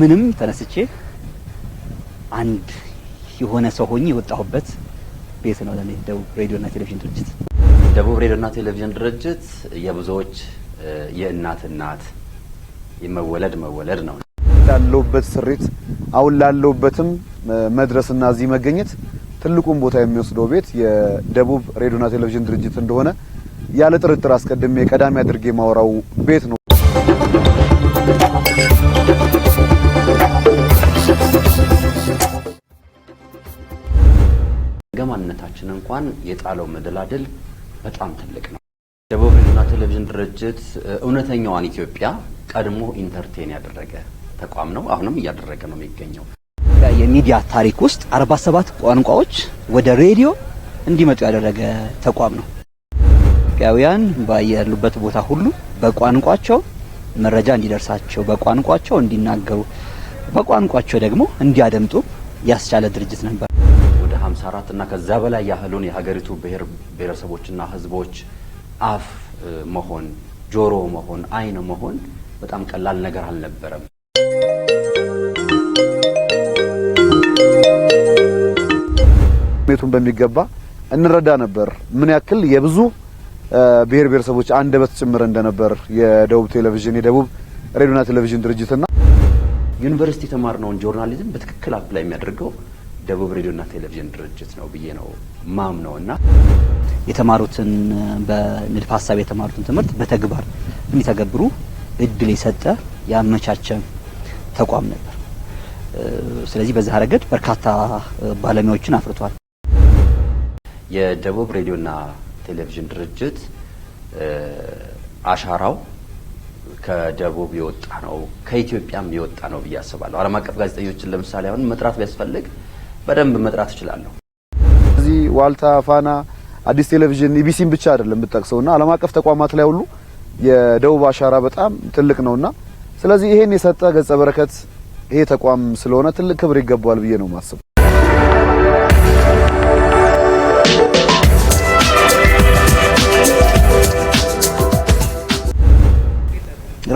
ምንም ተነስቼ አንድ የሆነ ሰው ሆኜ የወጣሁበት ቤት ነው ለኔ ደቡብ ሬዲዮና ቴሌቪዥን ድርጅት። ደቡብ ሬዲዮና ቴሌቪዥን ድርጅት የብዙዎች የእናት እናት የመወለድ መወለድ ነው። ላለውበት ስሪት አሁን ላለውበትም መድረስና እዚህ መገኘት ትልቁን ቦታ የሚወስደው ቤት የደቡብ ሬዲዮና ቴሌቪዥን ድርጅት እንደሆነ ያለ ጥርጥር አስቀድሜ ቀዳሚ አድርጌ ማወራው ቤት ነው። ማንነታችን እንኳን የጣለው መደላደል በጣም ትልቅ ነው። ደቡብ ህዝብና ቴሌቪዥን ድርጅት እውነተኛዋን ኢትዮጵያ ቀድሞ ኢንተርቴን ያደረገ ተቋም ነው። አሁንም እያደረገ ነው የሚገኘው። የሚዲያ ታሪክ ውስጥ 47 ቋንቋዎች ወደ ሬዲዮ እንዲመጡ ያደረገ ተቋም ነው። ኢትዮጵያውያን ባሉበት ቦታ ሁሉ በቋንቋቸው መረጃ እንዲደርሳቸው፣ በቋንቋቸው እንዲናገሩ፣ በቋንቋቸው ደግሞ እንዲያደምጡ ያስቻለ ድርጅት ነበር። 54 እና ከዛ በላይ ያህሉን የሀገሪቱ ብሔር ብሔረሰቦችና ህዝቦች አፍ መሆን፣ ጆሮ መሆን፣ አይን መሆን በጣም ቀላል ነገር አልነበረም። ስሜቱን በሚገባ እንረዳ ነበር። ምን ያክል የብዙ ብሔር ብሔረሰቦች አንደበት ጭምር እንደነበር የደቡብ ቴሌቪዥን የደቡብ ሬዲዮና ቴሌቪዥን ድርጅትና ዩኒቨርሲቲ ተማር ነውን ጆርናሊዝም በትክክል አፕላይ የሚያደርገው ደቡብ ሬዲዮና ቴሌቪዥን ድርጅት ነው ብዬ ነው ማም ነው እና የተማሩትን በንድፈ ሀሳብ የተማሩትን ትምህርት በተግባር እንዲተገብሩ እድል የሰጠ ያመቻቸ ተቋም ነበር። ስለዚህ በዛ ረገድ በርካታ ባለሙያዎችን አፍርቷል። የደቡብ ሬዲዮና ቴሌቪዥን ድርጅት አሻራው ከደቡብ የወጣ ነው፣ ከኢትዮጵያም የወጣ ነው ብዬ አስባለሁ። ዓለም አቀፍ ጋዜጠኞችን ለምሳሌ አሁን መጥራት ቢያስፈልግ በደንብ መጥራት እችላለሁ። እዚህ ዋልታ፣ ፋና፣ አዲስ ቴሌቪዥን፣ ኢቢሲን ብቻ አይደለም የምጠቅሰውና ዓለም አቀፍ ተቋማት ላይ ሁሉ የደቡብ አሻራ በጣም ትልቅ ነውና ስለዚህ ይሄን የሰጠ ገጸ በረከት ይሄ ተቋም ስለሆነ ትልቅ ክብር ይገባዋል ብዬ ነው ማስበው።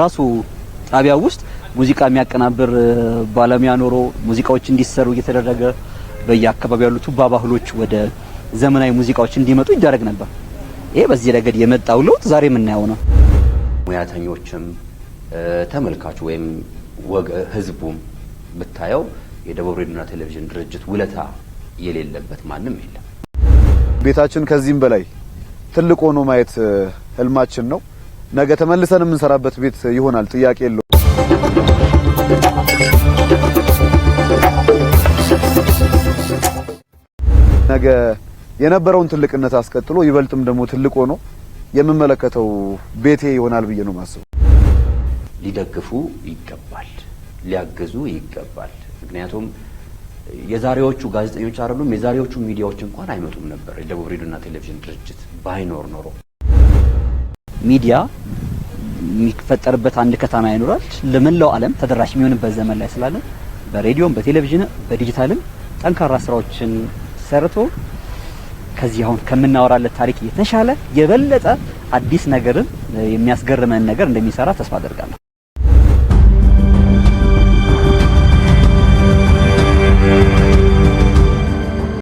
ራሱ ጣቢያ ውስጥ ሙዚቃ የሚያቀናብር ባለሙያ ኖሮ ሙዚቃዎች እንዲሰሩ እየተደረገ በየአካባቢው ያሉት ቱባ ባህሎች ወደ ዘመናዊ ሙዚቃዎች እንዲመጡ ይደረግ ነበር። ይሄ በዚህ ረገድ የመጣው ለውጥ ዛሬ የምናየው ነው። ሙያተኞችም ተመልካቹ ወይም ህዝቡም ብታየው የደቡብ ሬዲዮና ቴሌቪዥን ድርጅት ውለታ የሌለበት ማንም የለም። ቤታችን ከዚህም በላይ ትልቅ ሆኖ ማየት ህልማችን ነው። ነገ ተመልሰን የምንሰራበት ቤት ይሆናል፣ ጥያቄ የለውም። ነገ የነበረውን ትልቅነት አስቀጥሎ ይበልጥም ደግሞ ትልቅ ሆኖ የምመለከተው ቤቴ ይሆናል ብዬ ነው ማስበው። ሊደግፉ ይገባል፣ ሊያግዙ ይገባል። ምክንያቱም የዛሬዎቹ ጋዜጠኞች አይደሉም፣ የዛሬዎቹ ሚዲያዎች እንኳን አይመጡም ነበር የደቡብ ሬዲዮና ቴሌቪዥን ድርጅት ባይኖር ኖሮ። ሚዲያ የሚፈጠርበት አንድ ከተማ ይኖራል፣ ለመላው ዓለም ተደራሽ የሚሆንበት ዘመን ላይ ስላለን በሬዲዮም በቴሌቪዥን በዲጂታልም ጠንካራ ስራዎችን ሰርቶ ከዚህ አሁን ከምናወራለት ታሪክ የተሻለ የበለጠ አዲስ ነገርን የሚያስገርመን ነገር እንደሚሰራ ተስፋ አደርጋለሁ።